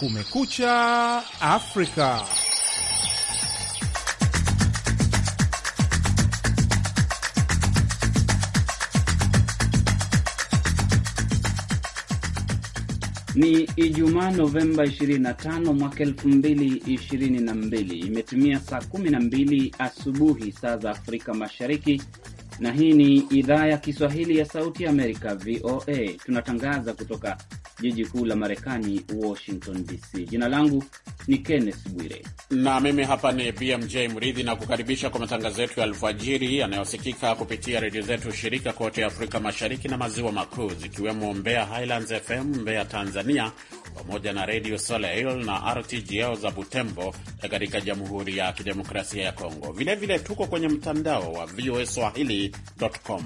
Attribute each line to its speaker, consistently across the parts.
Speaker 1: Kumekucha Afrika.
Speaker 2: Ni Ijumaa, Novemba 25 mwaka 2022. Imetumia saa 12 asubuhi saa za Afrika Mashariki, na hii ni idhaa ya Kiswahili ya Sauti ya Amerika, VOA. Tunatangaza kutoka jiji kuu la Marekani, Washington DC. Jina langu ni Kenneth Bwire
Speaker 3: na mimi hapa ni BMJ Mridhi na kukaribisha kwa matangazo yetu ya alfajiri yanayosikika kupitia redio zetu shirika kote Afrika Mashariki na Maziwa Makuu, zikiwemo Mbeya Highlands FM Mbeya Tanzania, pamoja na Redio Soleil na RTGL za Butembo katika Jamhuri ya Kidemokrasia ya Kongo. Vilevile vile tuko kwenye mtandao wa voa swahili.com.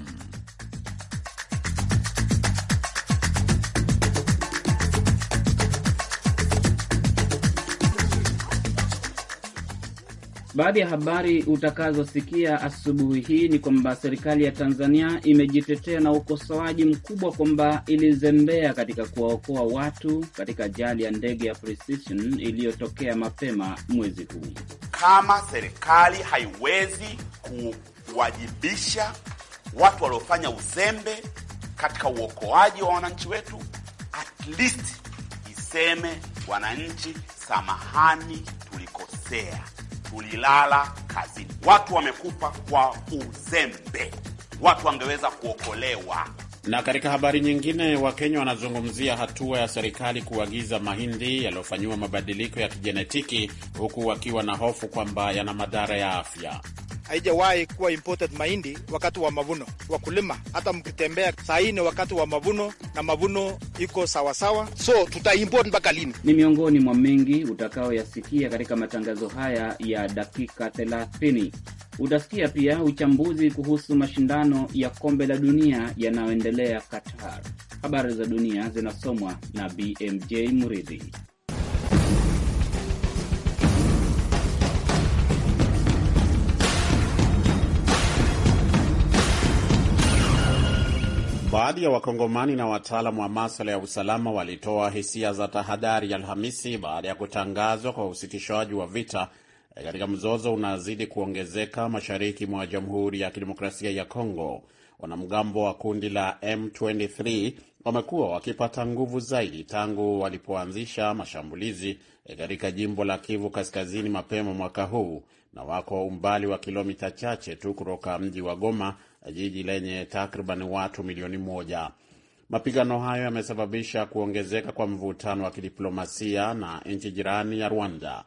Speaker 2: Baadhi ya habari utakazosikia asubuhi hii ni kwamba serikali ya Tanzania imejitetea na ukosoaji mkubwa kwamba ilizembea katika kuwaokoa watu katika ajali ya ndege ya Precision iliyotokea mapema mwezi huu.
Speaker 4: Kama serikali haiwezi kuwajibisha watu waliofanya uzembe katika uokoaji wa wananchi wetu, at least iseme wananchi, samahani, tulikosea tulilala kazini. Watu wamekufa kwa uzembe, watu wangeweza kuokolewa.
Speaker 3: Na katika habari nyingine, Wakenya wanazungumzia hatua ya serikali kuagiza mahindi yaliyofanyiwa mabadiliko ya kijenetiki, huku wakiwa na hofu kwamba yana madhara ya afya
Speaker 5: haijawahi kuwa imported mahindi wakati wa mavuno. Wakulima hata mkitembea sahii ni wakati wa mavuno na mavuno iko sawasawa, so tutaimport mpaka lini?
Speaker 2: Ni miongoni mwa mengi utakaoyasikia katika matangazo haya ya dakika 30. Utasikia pia uchambuzi kuhusu mashindano ya kombe la dunia yanayoendelea Qatar. Habari za dunia zinasomwa na BMJ Muridhi.
Speaker 3: Baadhi ya Wakongomani na wataalamu wa maswala ya usalama walitoa hisia za tahadhari Alhamisi baada ya kutangazwa kwa usitishwaji wa vita eh, katika mzozo unazidi kuongezeka mashariki mwa Jamhuri ya Kidemokrasia ya Kongo. Wanamgambo wa kundi la M23 wamekuwa wakipata nguvu zaidi tangu walipoanzisha mashambulizi eh, katika jimbo la Kivu Kaskazini mapema mwaka huu na wako umbali wa kilomita chache tu kutoka mji wa Goma jiji lenye takriban watu milioni moja. Mapigano hayo yamesababisha kuongezeka kwa mvutano wa kidiplomasia na nchi jirani ya Rwanda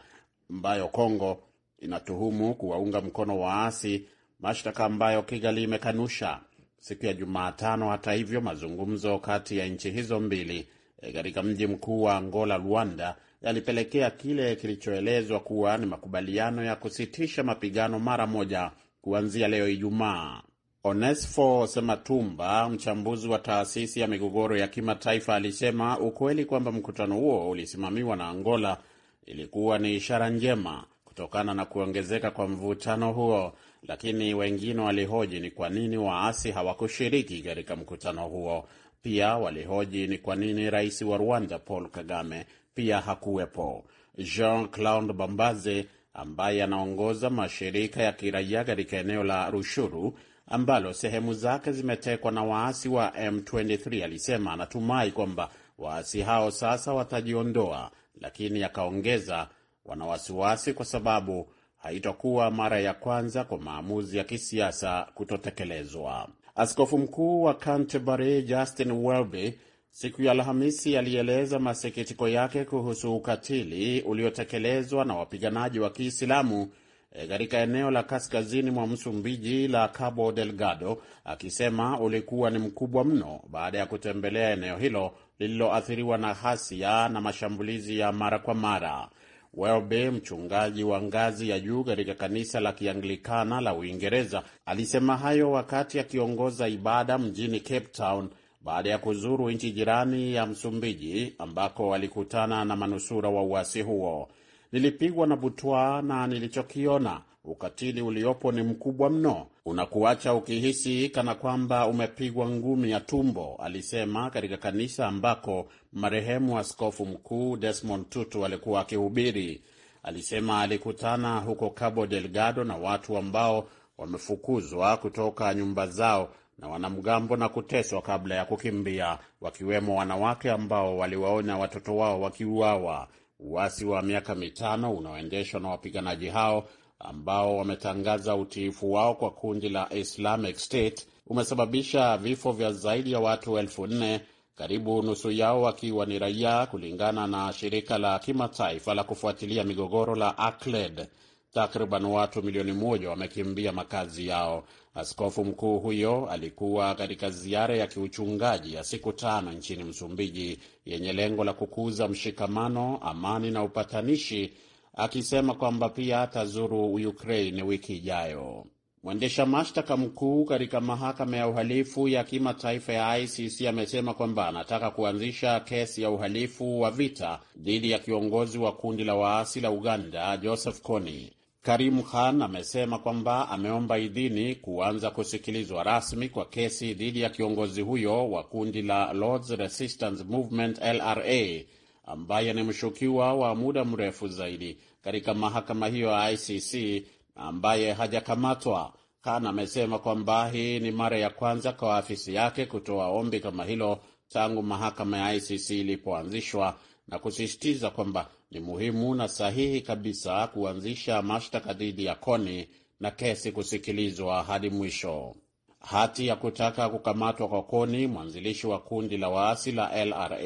Speaker 3: ambayo Kongo inatuhumu kuwaunga mkono waasi, mashtaka ambayo Kigali imekanusha siku ya Jumatano. Hata hivyo, mazungumzo kati ya nchi hizo mbili eh, katika mji mkuu wa Angola, Luanda, yalipelekea kile kilichoelezwa kuwa ni makubaliano ya kusitisha mapigano mara moja kuanzia leo Ijumaa. Onesfo Sematumba, mchambuzi wa taasisi ya migogoro ya kimataifa, alisema ukweli kwamba mkutano huo ulisimamiwa na Angola ilikuwa ni ishara njema kutokana na kuongezeka kwa mvutano huo, lakini wengine walihoji ni kwa nini waasi hawakushiriki katika mkutano huo. Pia walihoji ni kwa nini rais wa Rwanda Paul Kagame pia hakuwepo. Jean Claude Bambaze ambaye anaongoza mashirika ya kiraia katika eneo la Rushuru ambalo sehemu zake zimetekwa na waasi wa M23. Alisema anatumai kwamba waasi hao sasa watajiondoa, lakini akaongeza, wana wasiwasi kwa sababu haitakuwa mara ya kwanza kwa maamuzi ya kisiasa kutotekelezwa. Askofu mkuu wa Canterbury Justin Welby siku ya Alhamisi alieleza masikitiko yake kuhusu ukatili uliotekelezwa na wapiganaji wa Kiislamu E, katika eneo la kaskazini mwa Msumbiji la Cabo Delgado, akisema ulikuwa ni mkubwa mno baada ya kutembelea eneo hilo lililoathiriwa na ghasia na mashambulizi ya mara kwa mara. Welby, mchungaji wa ngazi ya juu katika kanisa la Kianglikana la Uingereza, alisema hayo wakati akiongoza ibada mjini Cape Town baada ya kuzuru nchi jirani ya Msumbiji ambako walikutana na manusura wa uasi huo. Nilipigwa na butwaa na nilichokiona, ukatili uliopo ni mkubwa mno, unakuacha ukihisi kana kwamba umepigwa ngumi ya tumbo, alisema katika kanisa ambako marehemu askofu mkuu Desmond Tutu alikuwa akihubiri. Alisema alikutana huko Cabo Delgado na watu ambao wamefukuzwa kutoka nyumba zao na wanamgambo na kuteswa kabla ya kukimbia, wakiwemo wanawake ambao waliwaona watoto wao wakiuawa uasi wa miaka mitano unaoendeshwa na wapiganaji hao ambao wametangaza utiifu wao kwa kundi la Islamic State umesababisha vifo vya zaidi ya watu elfu nne, karibu nusu yao wakiwa ni raia, kulingana na shirika la kimataifa la kufuatilia migogoro la ACLED. Takriban watu milioni moja wamekimbia makazi yao. Askofu mkuu huyo alikuwa katika ziara ya kiuchungaji ya siku tano nchini Msumbiji yenye lengo la kukuza mshikamano, amani na upatanishi, akisema kwamba pia atazuru Ukraine wiki ijayo. Mwendesha mashtaka mkuu katika mahakama ya uhalifu ya kimataifa ya ICC amesema kwamba anataka kuanzisha kesi ya uhalifu wa vita dhidi ya kiongozi wa kundi la waasi la Uganda Joseph Kony. Karimu Khan amesema kwamba ameomba idhini kuanza kusikilizwa rasmi kwa kesi dhidi ya kiongozi huyo wa kundi la Lords Resistance Movement LRA ambaye ni mshukiwa wa muda mrefu zaidi katika mahakama hiyo ya ICC ambaye hajakamatwa. Khan amesema kwamba hii ni mara ya kwanza kwa afisi yake kutoa ombi kama hilo tangu mahakama ya ICC ilipoanzishwa na kusisitiza kwamba ni muhimu na sahihi kabisa kuanzisha mashtaka dhidi ya Koni na kesi kusikilizwa hadi mwisho. Hati ya kutaka kukamatwa kwa Koni, mwanzilishi wa kundi la waasi la LRA,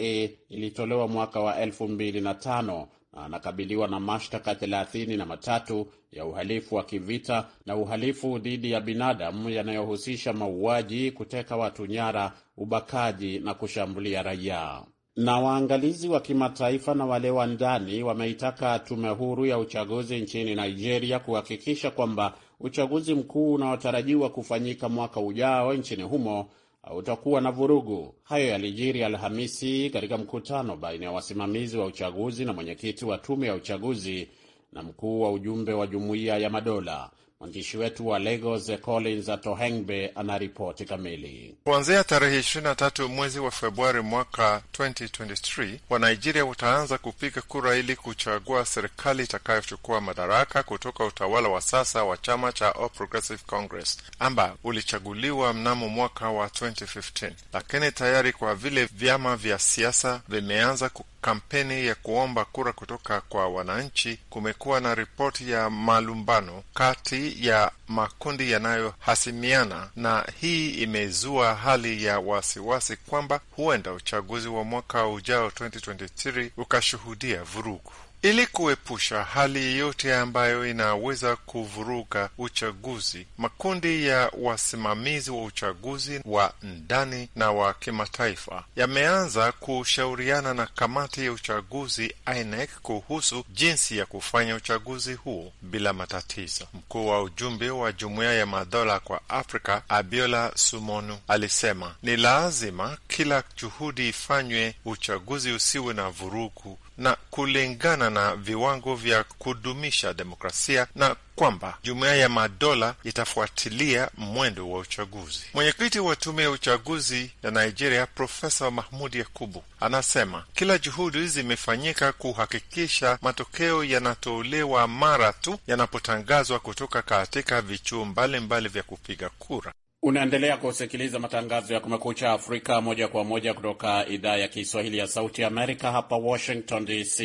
Speaker 3: ilitolewa mwaka wa 2005 na anakabiliwa na mashtaka 33 ya uhalifu wa kivita na uhalifu dhidi ya binadamu yanayohusisha mauaji, kuteka watu nyara, ubakaji na kushambulia raia. Na waangalizi wa kimataifa na wale wa ndani wameitaka tume huru ya uchaguzi nchini Nigeria kuhakikisha kwamba uchaguzi mkuu unaotarajiwa kufanyika mwaka ujao nchini humo hautakuwa na vurugu. Hayo yalijiri Alhamisi katika mkutano baina ya wasimamizi wa uchaguzi na mwenyekiti wa tume ya uchaguzi na mkuu wa ujumbe wa Jumuiya ya Madola. Mwandishi wetu wa Lagos Collins Atohengbe anaripoti kamili.
Speaker 1: Kuanzia tarehe 23 mwezi wa Februari mwaka 2023 Wanigeria wataanza kupiga kura ili kuchagua serikali itakayochukua madaraka kutoka utawala wa sasa wa chama cha All Progressive Congress amba ulichaguliwa mnamo mwaka wa 2015, lakini tayari kwa vile vyama vya siasa vimeanza kampeni ya kuomba kura kutoka kwa wananchi, kumekuwa na ripoti ya malumbano kati ya makundi yanayohasimiana, na hii imezua hali ya wasiwasi kwamba huenda uchaguzi wa mwaka ujao 2023 ukashuhudia vurugu. Ili kuepusha hali yeyote ambayo inaweza kuvuruga uchaguzi, makundi ya wasimamizi wa uchaguzi wa ndani na wa kimataifa yameanza kushauriana na kamati ya uchaguzi INEC kuhusu jinsi ya kufanya uchaguzi huo bila matatizo. Mkuu wa ujumbe wa Jumuiya ya Madola kwa Afrika Abiola Sumonu alisema ni lazima kila juhudi ifanywe uchaguzi usiwe na vurugu na kulingana na viwango vya kudumisha demokrasia na kwamba jumuiya ya madola itafuatilia mwendo wa uchaguzi. Mwenyekiti wa tume ya uchaguzi ya Nigeria, Profesa Mahmud Yakubu, anasema kila juhudi zimefanyika kuhakikisha matokeo yanatolewa mara tu yanapotangazwa kutoka katika vichuo mbalimbali vya kupiga kura. Unaendelea kusikiliza matangazo ya Kumekucha Afrika moja
Speaker 3: kwa moja kutoka idhaa ya Kiswahili ya Sauti Amerika, hapa Washington DC.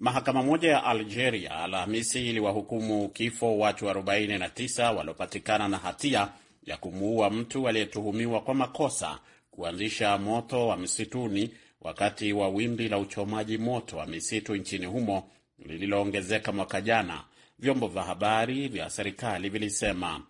Speaker 3: Mahakama moja ya Algeria Alhamisi iliwahukumu kifo watu 49 waliopatikana na hatia ya kumuua mtu aliyetuhumiwa kwa makosa kuanzisha moto wa misituni wakati wa wimbi la uchomaji moto wa misitu nchini humo lililoongezeka mwaka jana, vyombo vya habari vya serikali vilisema.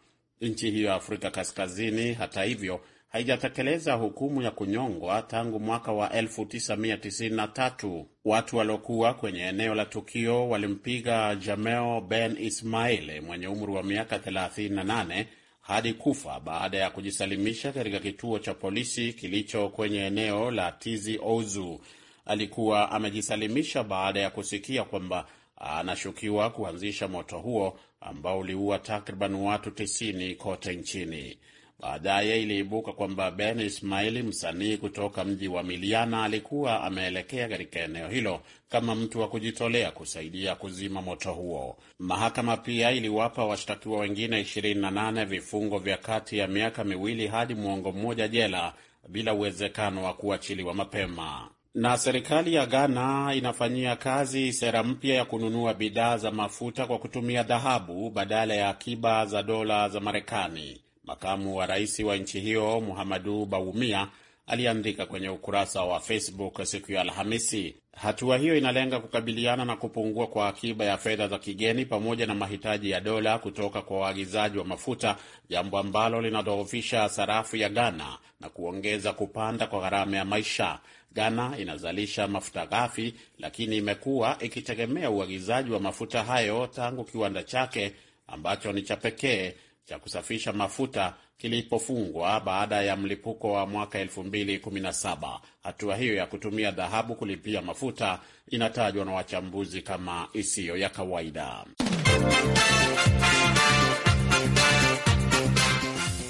Speaker 3: Nchi hiyo ya Afrika Kaskazini, hata hivyo, haijatekeleza hukumu ya kunyongwa tangu mwaka wa 1993. Watu waliokuwa kwenye eneo la tukio walimpiga Jamel Ben Ismail mwenye umri wa miaka 38 hadi kufa baada ya kujisalimisha katika kituo cha polisi kilicho kwenye eneo la Tizi ouzu Alikuwa amejisalimisha baada ya kusikia kwamba anashukiwa kuanzisha moto huo ambao uliua takriban watu 90 kote nchini. Baadaye iliibuka kwamba Ben Ismaili, msanii kutoka mji wa Miliana, alikuwa ameelekea katika eneo hilo kama mtu wa kujitolea kusaidia kuzima moto huo. Mahakama pia iliwapa washtakiwa wengine 28 vifungo vya kati ya miaka miwili hadi mwongo mmoja jela bila uwezekano wa kuachiliwa mapema. Na serikali ya Ghana inafanyia kazi sera mpya ya kununua bidhaa za mafuta kwa kutumia dhahabu badala ya akiba za dola za Marekani. Makamu wa rais wa nchi hiyo Muhamadu Bawumia aliandika kwenye ukurasa wa Facebook siku ya Alhamisi. Hatua hiyo inalenga kukabiliana na kupungua kwa akiba ya fedha za kigeni pamoja na mahitaji ya dola kutoka kwa waagizaji wa mafuta, jambo ambalo linadhoofisha sarafu ya Ghana na kuongeza kupanda kwa gharama ya maisha. Ghana inazalisha mafuta ghafi, lakini imekuwa ikitegemea uagizaji wa mafuta hayo tangu kiwanda chake ambacho ni cha pekee cha kusafisha mafuta kilipofungwa baada ya mlipuko wa mwaka 2017. Hatua hiyo ya kutumia dhahabu kulipia mafuta inatajwa na wachambuzi kama isiyo ya kawaida.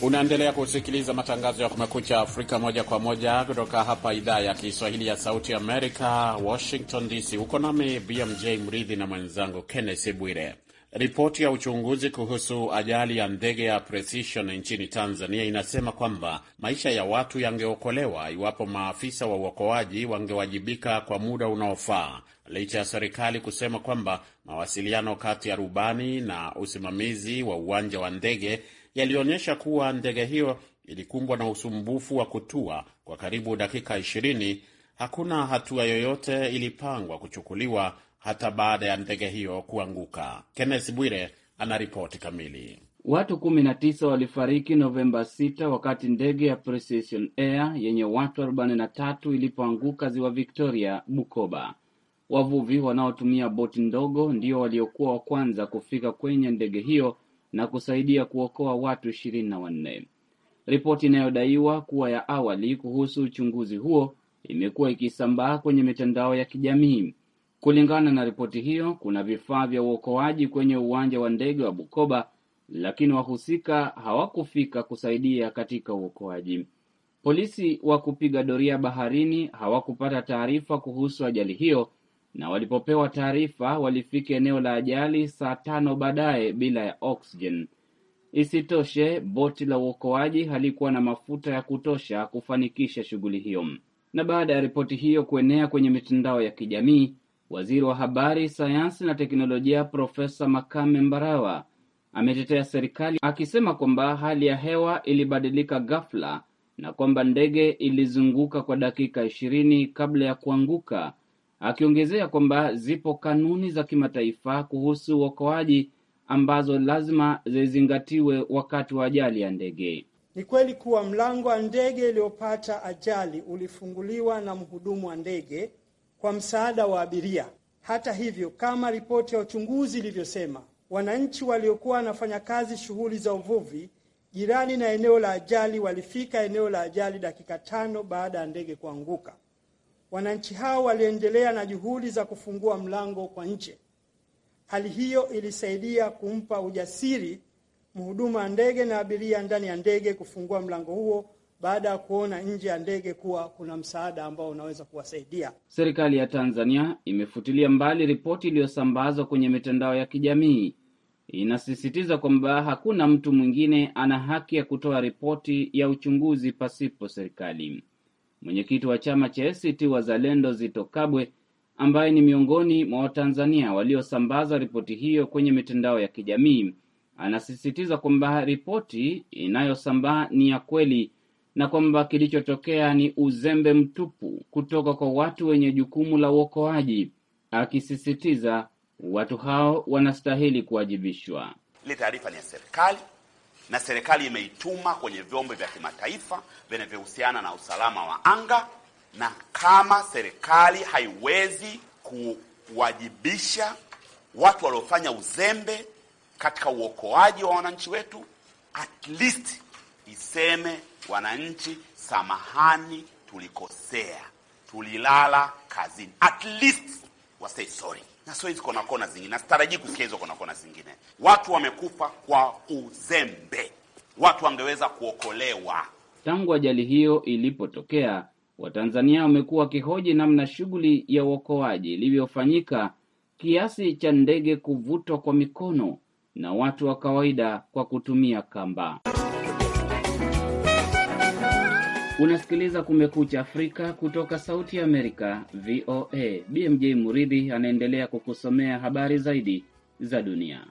Speaker 3: Unaendelea kusikiliza matangazo ya Kumekucha Afrika moja kwa moja kutoka hapa idhaa ya Kiswahili ya Sauti Amerika, Washington DC. Uko nami BMJ Mridhi na mwenzangu kennes Bwire. Ripoti ya uchunguzi kuhusu ajali ya ndege ya Precision nchini Tanzania inasema kwamba maisha ya watu yangeokolewa iwapo maafisa wa uokoaji wangewajibika kwa muda unaofaa, licha ya serikali kusema kwamba mawasiliano kati ya rubani na usimamizi wa uwanja wa ndege yalionyesha kuwa ndege hiyo ilikumbwa na usumbufu wa kutua kwa karibu dakika 20. Hakuna hatua yoyote ilipangwa kuchukuliwa hata baada ya ndege hiyo kuanguka. Kenneth Bwire anaripoti kamili.
Speaker 2: Watu 19 walifariki Novemba 6 wakati ndege ya Precision Air yenye watu 43 ilipoanguka ziwa Victoria, Bukoba. Wavuvi wanaotumia boti ndogo ndio waliokuwa wa kwanza kufika kwenye ndege hiyo na kusaidia kuokoa watu ishirini na wanne. Ripoti inayodaiwa kuwa ya awali kuhusu uchunguzi huo imekuwa ikisambaa kwenye mitandao ya kijamii. Kulingana na ripoti hiyo, kuna vifaa vya uokoaji kwenye uwanja wa ndege wa Bukoba, lakini wahusika hawakufika kusaidia katika uokoaji. Polisi wa kupiga doria baharini hawakupata taarifa kuhusu ajali hiyo na walipopewa taarifa walifika eneo la ajali saa tano baadaye bila ya oksijen. Isitoshe, boti la uokoaji halikuwa na mafuta ya kutosha kufanikisha shughuli hiyo. Na baada ya ripoti hiyo kuenea kwenye mitandao ya kijamii, waziri wa habari, sayansi na teknolojia Profesa Makame Mbarawa ametetea serikali akisema kwamba hali ya hewa ilibadilika ghafla na kwamba ndege ilizunguka kwa dakika ishirini kabla ya kuanguka akiongezea kwamba zipo kanuni za kimataifa kuhusu uokoaji ambazo lazima zizingatiwe wakati wa ajali ya ndege.
Speaker 5: Ni kweli kuwa mlango wa ndege iliyopata ajali ulifunguliwa na mhudumu wa ndege kwa msaada wa abiria. Hata hivyo, kama ripoti ya uchunguzi ilivyosema, wananchi waliokuwa wanafanya kazi shughuli za uvuvi jirani na eneo la ajali walifika eneo la ajali dakika tano baada ya ndege kuanguka. Wananchi hao waliendelea na juhudi za kufungua mlango kwa nje. Hali hiyo ilisaidia kumpa ujasiri mhuduma wa ndege na abiria ndani ya ndege kufungua mlango huo baada ya kuona nje ya ndege kuwa kuna msaada ambao unaweza kuwasaidia.
Speaker 2: Serikali ya Tanzania imefutilia mbali ripoti iliyosambazwa kwenye mitandao ya kijamii. Inasisitiza kwamba hakuna mtu mwingine ana haki ya kutoa ripoti ya uchunguzi pasipo serikali. Mwenyekiti wa chama cha ACT Wazalendo Zito Kabwe, ambaye ni miongoni mwa Watanzania waliosambaza ripoti hiyo kwenye mitandao ya kijamii, anasisitiza kwamba ripoti inayosambaa ni ya kweli na kwamba kilichotokea ni uzembe mtupu kutoka kwa watu wenye jukumu la uokoaji, akisisitiza watu hao wanastahili kuwajibishwa.
Speaker 4: Ile taarifa ni ya serikali na serikali imeituma kwenye vyombo vya kimataifa vinavyohusiana na usalama wa anga, na kama serikali haiwezi kuwajibisha watu waliofanya uzembe katika uokoaji wa wananchi wetu, at least iseme wananchi, samahani, tulikosea, tulilala kazini, at least wasay sorry na sio hizi kona kona zingine, Nastarajii kusikia hizo kona kona zingine. Watu wamekufa kwa uzembe, watu wangeweza kuokolewa.
Speaker 2: Tangu ajali hiyo ilipotokea, Watanzania wamekuwa wakihoji namna shughuli ya uokoaji ilivyofanyika kiasi cha ndege kuvutwa kwa mikono na watu wa kawaida kwa kutumia kamba. Unasikiliza Kumekucha Afrika kutoka Sauti ya Amerika, VOA. BMJ Muridhi anaendelea kukusomea
Speaker 3: habari zaidi za dunia.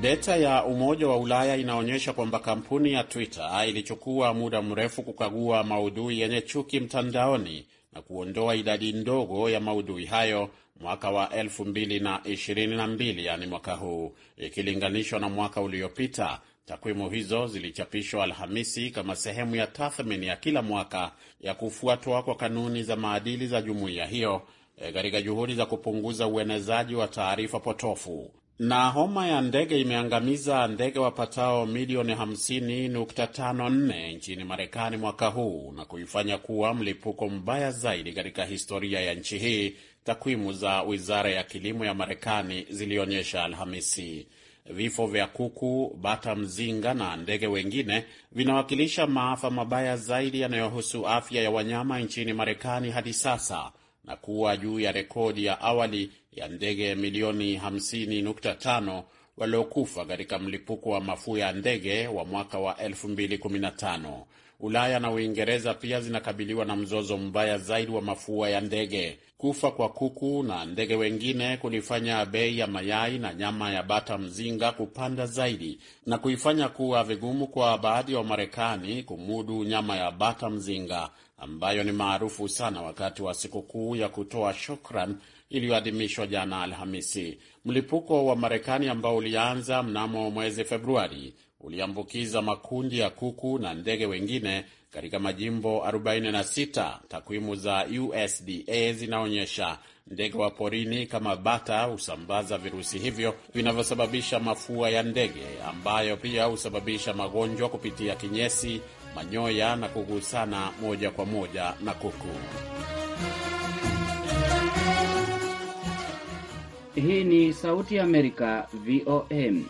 Speaker 3: Data ya Umoja wa Ulaya inaonyesha kwamba kampuni ya Twitter ilichukua muda mrefu kukagua maudhui yenye chuki mtandaoni na kuondoa idadi ndogo ya maudhui hayo mwaka wa 2022, yani mwaka huu, ikilinganishwa na mwaka uliopita Takwimu hizo zilichapishwa Alhamisi kama sehemu ya tathmini ya kila mwaka ya kufuatwa kwa kanuni za maadili za jumuiya hiyo e, katika e, juhudi za kupunguza uenezaji wa taarifa potofu. Na homa ya ndege imeangamiza ndege wapatao milioni 50.54 nchini Marekani mwaka huu na kuifanya kuwa mlipuko mbaya zaidi katika historia ya nchi hii, takwimu za wizara ya kilimo ya Marekani zilionyesha Alhamisi. Vifo vya kuku, bata mzinga na ndege wengine vinawakilisha maafa mabaya zaidi yanayohusu afya ya wanyama nchini Marekani hadi sasa na kuwa juu ya rekodi ya awali ya ndege milioni 50.5 waliokufa katika mlipuko wa mafua ya ndege wa mwaka wa 2015. Ulaya na Uingereza pia zinakabiliwa na mzozo mbaya zaidi wa mafua ya ndege. Kufa kwa kuku na ndege wengine kulifanya bei ya mayai na nyama ya bata mzinga kupanda zaidi na kuifanya kuwa vigumu kwa baadhi ya Wamarekani kumudu nyama ya bata mzinga ambayo ni maarufu sana wakati wa sikukuu ya kutoa shukran iliyoadhimishwa jana Alhamisi. Mlipuko wa Marekani ambao ulianza mnamo mwezi Februari uliambukiza makundi ya kuku na ndege wengine katika majimbo 46. Takwimu za USDA zinaonyesha ndege wa porini kama bata husambaza virusi hivyo vinavyosababisha mafua ya ndege ambayo pia husababisha magonjwa kupitia kinyesi, manyoya na kugusana moja kwa moja na kuku. Hii ni Sauti ya Amerika, VOM.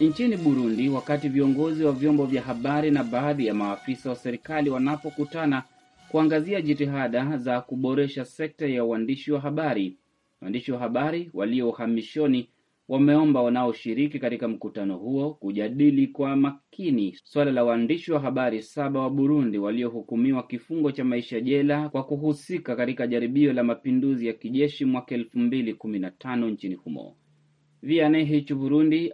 Speaker 2: Nchini Burundi, wakati viongozi wa vyombo vya habari na baadhi ya maafisa wa serikali wanapokutana kuangazia jitihada za kuboresha sekta ya uandishi wa habari, waandishi wa habari walio uhamishoni wameomba wanaoshiriki katika mkutano huo kujadili kwa makini suala la waandishi wa habari saba wa Burundi waliohukumiwa kifungo cha maisha jela kwa kuhusika katika jaribio la mapinduzi ya kijeshi mwaka elfu mbili kumi na tano nchini humo. Vianney Burundi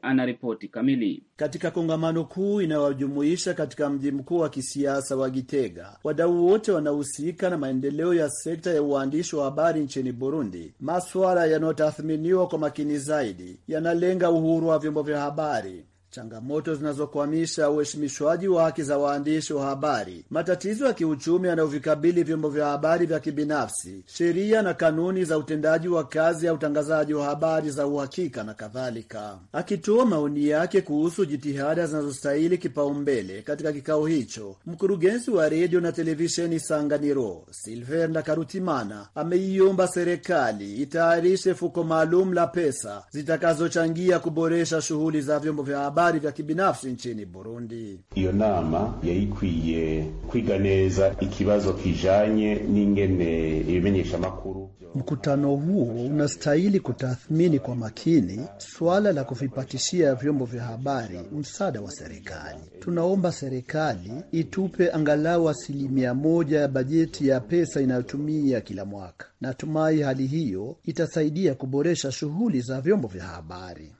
Speaker 2: Burundi,
Speaker 6: ripoti kamili. Katika kongamano kuu inayowajumuisha katika mji mkuu wa kisiasa wa Gitega wadau wote wanahusika na maendeleo ya sekta ya uandishi wa habari nchini Burundi, maswala yanayotathminiwa kwa makini zaidi yanalenga uhuru wa vyombo vya habari changamoto zinazokwamisha uheshimishwaji wa haki za waandishi wa habari, matatizo ya kiuchumi yanayovikabili vyombo vya habari vya kibinafsi, sheria na kanuni za utendaji wa kazi ya utangazaji wa habari za uhakika na kadhalika. Akitoa maoni yake kuhusu jitihada zinazostahili kipaumbele katika kikao hicho, mkurugenzi wa redio na televisheni Sanganiro Silver karutimana ameiomba serikali itayarishe fuko maalum la pesa zitakazochangia kuboresha shughuli za vyombo vya habari habari vya kibinafsi nchini Burundi.
Speaker 3: Iyo nama yarikwiye kwiga neza ikibazo kijanye n'ingene ibimenyesha makuru
Speaker 6: Mkutano huo unastahili kutathmini kwa makini suala la kuvipatishia vyombo vya habari msaada wa serikali. Tunaomba serikali itupe angalau asilimia moja ya bajeti ya pesa inayotumia kila mwaka. Natumai hali hiyo itasaidia kuboresha shughuli za vyombo vya habari.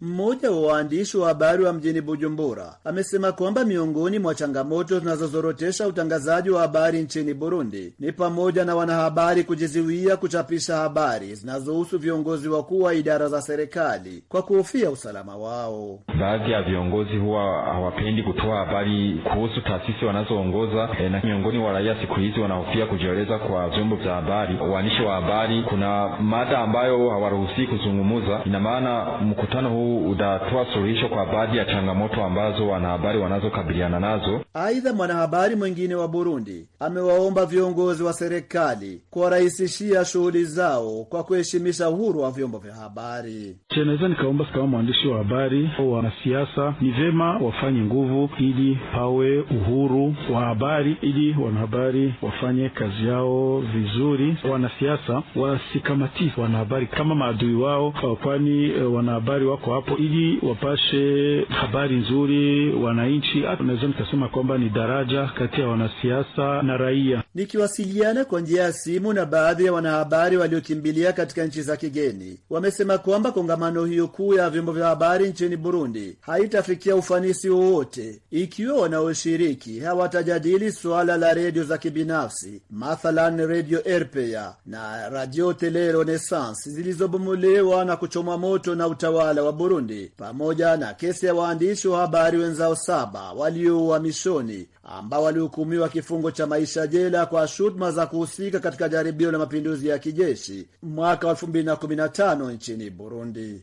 Speaker 6: Mmoja wa waandishi wa habari wa mjini Bujumbura amesema kwamba miongoni mwa changamoto zinazozorotesha utangazaji wa habari nchini Burundi ni pamoja na wanahabari kujizuia kuchapisha habari zinazohusu viongozi wakuu wa idara za serikali kwa kuhofia usalama wao.
Speaker 4: Baadhi ya viongozi huwa hawapendi kutoa habari kuhusu taasisi wanazoongoza, e, na miongoni wa raia siku hizi wanahofia kujieleza kwa vyombo vya habari. Waandishi wa habari, kuna mada ambayo hawaruhusii kuzungumuza. Ina maana mkutano huu utatoa suluhisho kwa baadhi ya changamoto ambazo wanahabari wanazokabiliana nazo.
Speaker 6: Aidha, mwanahabari mwingine wa Burundi amewaomba viongozi wa serikali serikali kuwarahisishia shughuli zao kwa kuheshimisha uhuru wa vyombo vya habari. Naweza nikaomba kama mwandishi wa habari au wanasiasa, ni vyema wafanye nguvu ili pawe uhuru wa habari, ili wanahabari wafanye kazi yao vizuri. Wanasiasa wasikamatie wanahabari kama maadui wao, kwani eh, wanahabari wako hapo ili wapashe habari nzuri wananchi. Naweza nikasema kwamba ni daraja kati ya wanasiasa na raia. Nikiwasiliana kwa njia ya simu na baadhi ya wanahabari waliokimbilia katika nchi za kigeni, wamesema kwamba kongamano hiyo kuu ya vyombo vya habari nchini Burundi haitafikia ufanisi wowote ikiwa wanaoshiriki hawatajadili suala la redio za kibinafsi, mathalan redio RPA na radio Tele Renaissance zilizobomolewa na kuchomwa moto na utawala wa Burundi, pamoja na kesi ya waandishi wa habari wenzao saba waliouhamishoni ambao walihukumiwa kifungo cha maisha jela baada kwa shutuma za kuhusika katika jaribio la mapinduzi ya kijeshi mwaka wa 2015 nchini Burundi.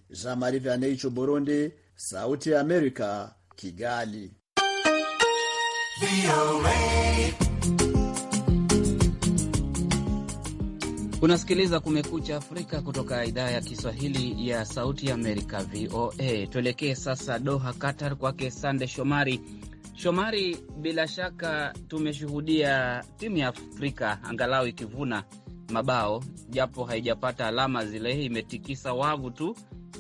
Speaker 6: Burundi, Sauti ya Amerika, Kigali.
Speaker 2: Unasikiliza Kumekucha Afrika kutoka idhaa ya Kiswahili ya Sauti ya Amerika, VOA. Tuelekee sasa Doha, Qatar, kwake Sande Shomari Shomari, bila shaka tumeshuhudia timu ya Afrika angalau ikivuna mabao japo haijapata alama zile, imetikisa wavu tu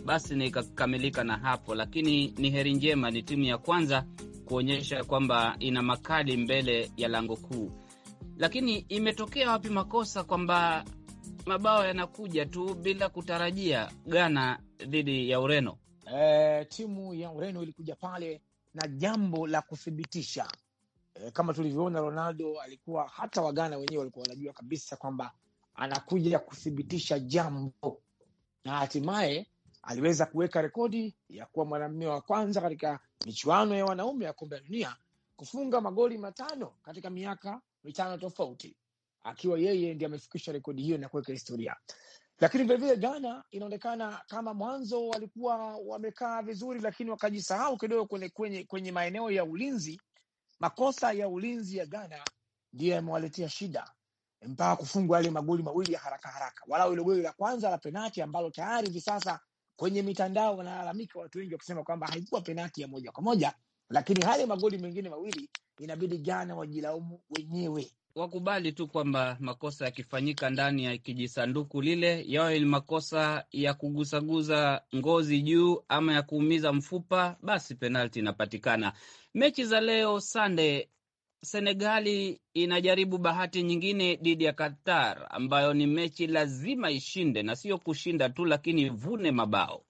Speaker 2: basi nikakamilika na hapo, lakini ni heri njema, ni timu ya kwanza kuonyesha kwamba ina makali mbele ya lango kuu. Lakini imetokea wapi makosa kwamba mabao yanakuja tu bila kutarajia?
Speaker 7: Ghana dhidi ya Ureno, e, timu ya Ureno ilikuja pale na jambo la kuthibitisha e, kama tulivyoona Ronaldo alikuwa hata Wagana wenyewe walikuwa wanajua kabisa kwamba anakuja kuthibitisha jambo, na hatimaye aliweza kuweka rekodi ya kuwa mwanamume wa kwanza katika michuano ya wanaume ya kombe la dunia kufunga magoli matano katika miaka mitano tofauti, akiwa yeye ndiye amefikisha rekodi hiyo na kuweka historia. Lakini vilevile Ghana inaonekana kama mwanzo walikuwa wamekaa vizuri, lakini wakajisahau kidogo kwenye, kwenye, kwenye maeneo ya ulinzi. Makosa ya ulinzi ya Ghana ndiyo yamewaletea shida mpaka kufungwa yale magoli mawili ya haraka haraka, walau ile goli la kwanza la penati ambalo tayari hivi sasa kwenye mitandao wanalalamika watu wengi wakisema kwamba haikuwa penati ya moja kwa moja, lakini hale magoli mengine mawili inabidi Ghana wajilaumu wenyewe
Speaker 2: wakubali tu kwamba makosa yakifanyika ndani ya kijisanduku lile, yawe ni makosa ya kugusaguza ngozi juu ama ya kuumiza mfupa, basi penalti inapatikana. Mechi za leo Sande, Senegali inajaribu bahati nyingine dhidi ya Qatar, ambayo ni mechi lazima ishinde, na sio kushinda tu, lakini ivune mabao.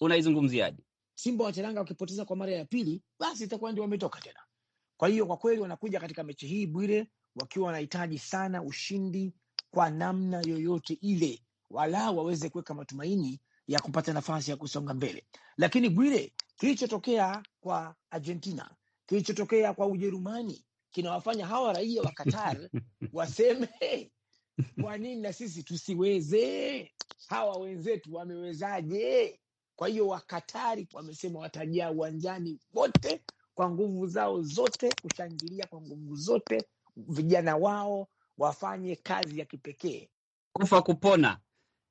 Speaker 2: Unaizungumziaje?
Speaker 7: Simba wa Teranga wakipoteza kwa mara ya pili, basi itakuwa ndio wametoka tena. Kwa hiyo kwa kweli wanakuja katika mechi hii Bwire wakiwa wanahitaji sana ushindi kwa namna yoyote ile, wala waweze kuweka matumaini ya kupata nafasi ya kusonga mbele. Lakini Bwire, kilichotokea kwa Argentina, kilichotokea kwa Ujerumani kinawafanya hawa raia wa Qatar waseme kwa nini na sisi tusiweze? Hawa wenzetu wamewezaje? Kwa hiyo Wakatari wamesema watajaa uwanjani wote kwa nguvu zao zote, kushangilia kwa nguvu zote vijana wao wafanye kazi ya kipekee, kufa kupona.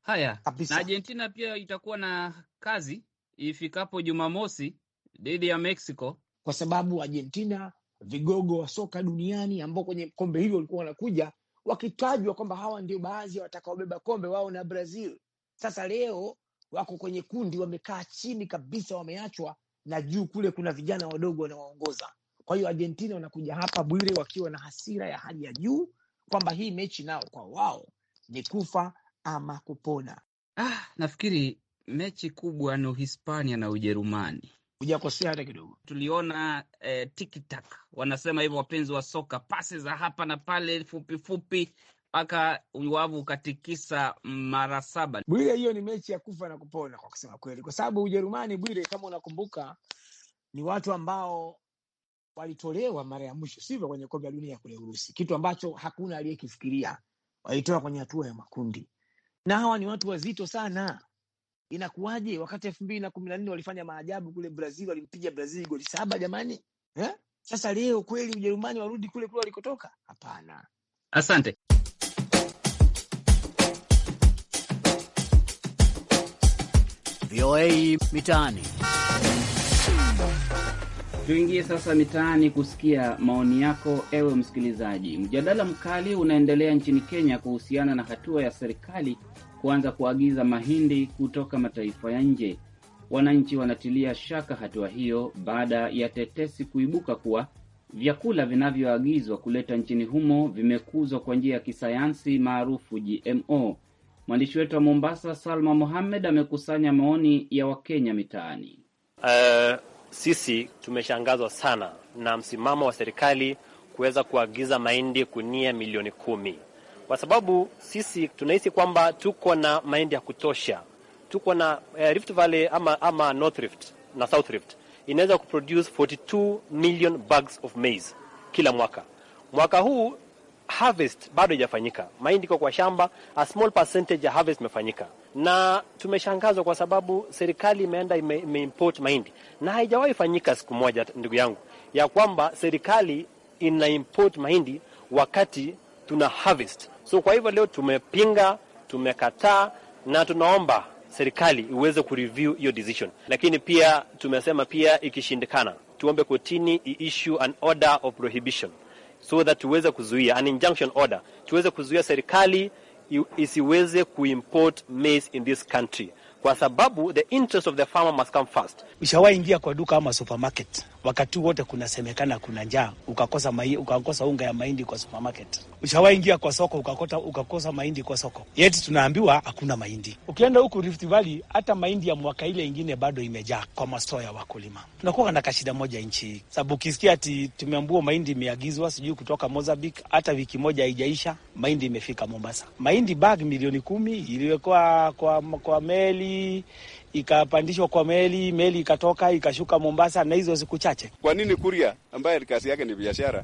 Speaker 7: Haya Na
Speaker 2: Argentina pia itakuwa na kazi ifikapo Jumamosi dhidi ya Mexico,
Speaker 7: kwa sababu Argentina vigogo wa soka duniani ambao kwenye kombe hilo walikuwa wanakuja wakitajwa kwamba hawa ndio baadhi ya watakaobeba kombe wao na Brazil. Sasa leo wako kwenye kundi, wamekaa chini kabisa, wameachwa na juu kule kuna vijana wadogo wanawaongoza. Kwa hiyo Argentina wanakuja hapa Bwire wakiwa na hasira ya hali ya juu kwamba hii mechi nao kwa wao ni kufa ama kupona.
Speaker 2: Ah, nafikiri mechi kubwa ni Uhispania na Ujerumani. Hujakosea hata kidogo. Tuliona eh, tiktak wanasema hivyo wapenzi wa soka, pasi za hapa na pale fupifupi mpaka wavu ukatikisa mara saba. Bwire,
Speaker 7: hiyo ni mechi ya kufa na kupona kwa kusema kweli, kwa sababu Ujerumani, Bwire, kama unakumbuka, ni watu ambao walitolewa mara ya mwisho sivyo kwenye kombe la dunia kule Urusi, kitu ambacho hakuna aliyekifikiria. Walitoka kwenye hatua ya makundi, na hawa ni watu wazito sana. Inakuwaje wakati elfu mbili na kumi na nne walifanya maajabu kule Brazil, walimpiga Brazil goli saba jamani eh? Sasa leo kweli Ujerumani warudi kule kule walikotoka? Hapana.
Speaker 2: Asante. VOA Mitaani. Tuingie sasa mitaani kusikia maoni yako, ewe msikilizaji. Mjadala mkali unaendelea nchini Kenya kuhusiana na hatua ya serikali kuanza kuagiza mahindi kutoka mataifa ya nje. Wananchi wanatilia shaka hatua hiyo baada ya tetesi kuibuka kuwa vyakula vinavyoagizwa kuleta nchini humo vimekuzwa kwa njia ya kisayansi maarufu GMO. Mwandishi wetu wa Mombasa, Salma Mohammed, amekusanya maoni ya Wakenya
Speaker 8: mitaani. Uh sisi tumeshangazwa sana na msimamo wa serikali kuweza kuagiza mahindi kunia milioni kumi, kwa sababu sisi tunahisi kwamba tuko na mahindi ya kutosha. Tuko na eh, Rift Valley ama, ama North Rift na South Rift inaweza kuproduce 42 million bags of maize kila mwaka. Mwaka huu harvest bado haijafanyika, mahindi iko kwa shamba, a small percentage ya harvest imefanyika na tumeshangazwa kwa sababu serikali imeenda imeimport mahindi, na haijawahi fanyika siku moja, ndugu yangu, ya kwamba serikali ina mahindi wakati tuna harvest. So kwa hivyo leo tumepinga, tumekataa na tunaomba serikali iweze kureview hiyo decision, lakini pia tumesema pia ikishindikana, tuombe kotini iissue an order of prohibition so that tuweze kuzuia an injunction order, tuweze kuzuia serikali isiweze kuimport maize in this country, kwa sababu the interest of the farmer must come first.
Speaker 5: Ushawaingia kwa duka ama supermarket wakati wote kunasemekana kuna njaa, ukakosa mai, ukakosa unga ya mahindi kwa supermarket, ushawaingia kwa soko ukakota, ukakosa mahindi kwa soko, yeti tunaambiwa hakuna mahindi. Ukienda huku Rift Valley, hata mahindi ya mwaka ile ingine bado imejaa kwa mastoo ya wakulima. Tunakuwa na kashida moja nchi sababu, ukisikia ati tumeambua mahindi imeagizwa sijui kutoka Mozambique, hata wiki moja haijaisha mahindi imefika Mombasa. Mahindi bag milioni kumi iliwekwa kwa, kwa meli ikapandishwa kwa meli, meli ikatoka ikashuka Mombasa, na hizo siku chache.
Speaker 4: Kwa nini kuria ambaye kazi yake ni biashara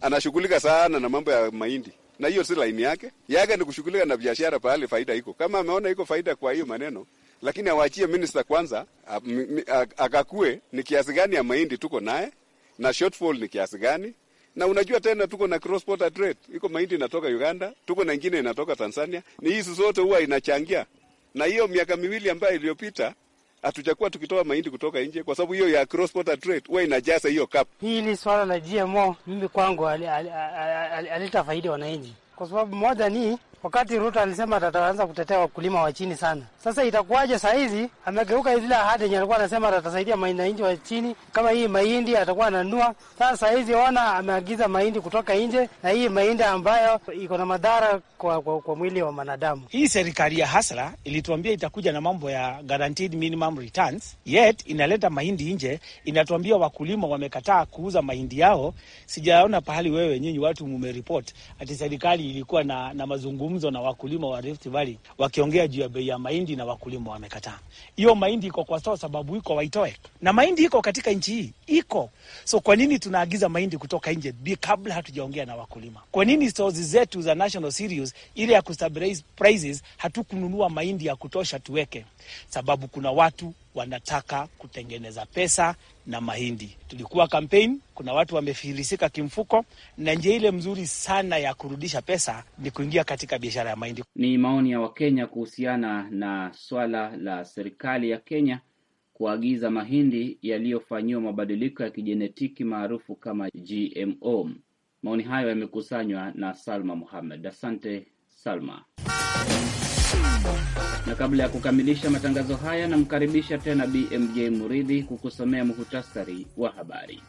Speaker 4: anashughulika sana na mambo ya mahindi na hiyo si laini yake yake ni kushughulika na biashara pahali faida iko. Kama ameona iko faida kwa hiyo maneno, lakini awachie minista kwanza akakue ni kiasi gani ya mahindi tuko naye na shortfall ni kiasi gani. Na unajua tena tuko na cross border trade, iko mahindi inatoka Uganda, tuko na ingine inatoka Tanzania, ni hizi zote huwa inachangia na hiyo miaka miwili ambayo iliyopita hatujakuwa tukitoa mahindi kutoka nje kwa sababu hiyo ya cross border trade huwa inajaza hiyo cap.
Speaker 5: Hili swala la GMO mimi kwangu alita faidi wananchi, kwa sababu moja ni Wakati Ruto alisema tataanza kutetea wakulima wa chini sana. Sasa itakuwaje saa hizi amegeuka zile ahadi yenye alikuwa anasema atasaidia wananchi wa chini, kama hii mahindi atakuwa ananua. Sasa saa hizi ona, ameagiza mahindi kutoka nje, na hii mahindi ambayo iko na madhara kwa, kwa, kwa mwili wa mwanadamu. Hii serikali ya hasra ilituambia itakuja na mambo ya guaranteed minimum returns, yet inaleta mahindi nje, inatuambia wakulima wamekataa kuuza mahindi yao. Sijaona pahali wewe nyinyi watu mumeripoti ati serikali ilikuwa na, na mazungumzo mazungumzo na wakulima wa Rift Valley wakiongea juu ya bei ya mahindi na wakulima wamekataa. Hiyo mahindi iko kwa soko, sababu iko waitoe, na mahindi iko katika nchi hii iko. So kwa nini tunaagiza mahindi kutoka nje kabla hatujaongea na wakulima? Kwa nini stores zetu za National Cereals ile ya kustabilize prices hatukununua mahindi ya kutosha tuweke? Sababu kuna watu wanataka kutengeneza pesa na mahindi. Tulikuwa kampen kuna watu wamefilisika kimfuko, na njia ile mzuri sana ya kurudisha pesa ni kuingia katika biashara ya mahindi. Ni
Speaker 2: maoni ya Wakenya kuhusiana na swala la serikali ya Kenya kuagiza mahindi yaliyofanyiwa mabadiliko ya kijenetiki maarufu kama GMO. Maoni hayo yamekusanywa na Salma Muhamed. Asante Salma. Na kabla ya kukamilisha matangazo haya, namkaribisha tena BMJ
Speaker 3: Muridhi kukusomea muhutasari wa habari.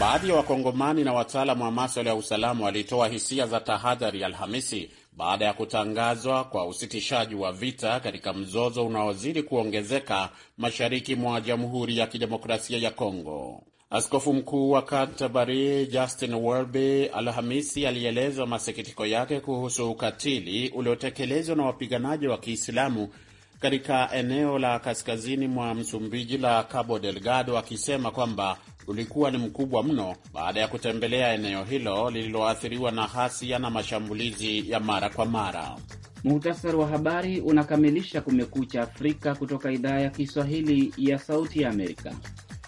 Speaker 3: Baadhi ya Wakongomani na wataalamu wa maswala ya usalama walitoa hisia za tahadhari Alhamisi baada ya kutangazwa kwa usitishaji wa vita katika mzozo unaozidi kuongezeka mashariki mwa Jamhuri ya Kidemokrasia ya Kongo. Askofu mkuu wa Canterbury Justin Welby Alhamisi alieleza masikitiko yake kuhusu ukatili uliotekelezwa na wapiganaji wa Kiislamu katika eneo la kaskazini mwa Msumbiji la Cabo Delgado, akisema kwamba ulikuwa ni mkubwa mno baada ya kutembelea eneo hilo lililoathiriwa na ghasia na mashambulizi ya mara kwa mara.
Speaker 2: Muhtasari wa habari unakamilisha Kumekucha Afrika kutoka idhaa ya Kiswahili ya Sauti ya Amerika.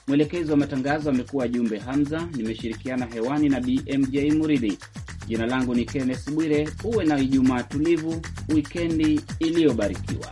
Speaker 2: Mwelekezi wa matangazo amekuwa Jumbe Hamza, nimeshirikiana hewani na BMJ Muridhi. Jina langu ni Kenneth Bwire. Uwe na Ijumaa tulivu, wikendi iliyobarikiwa.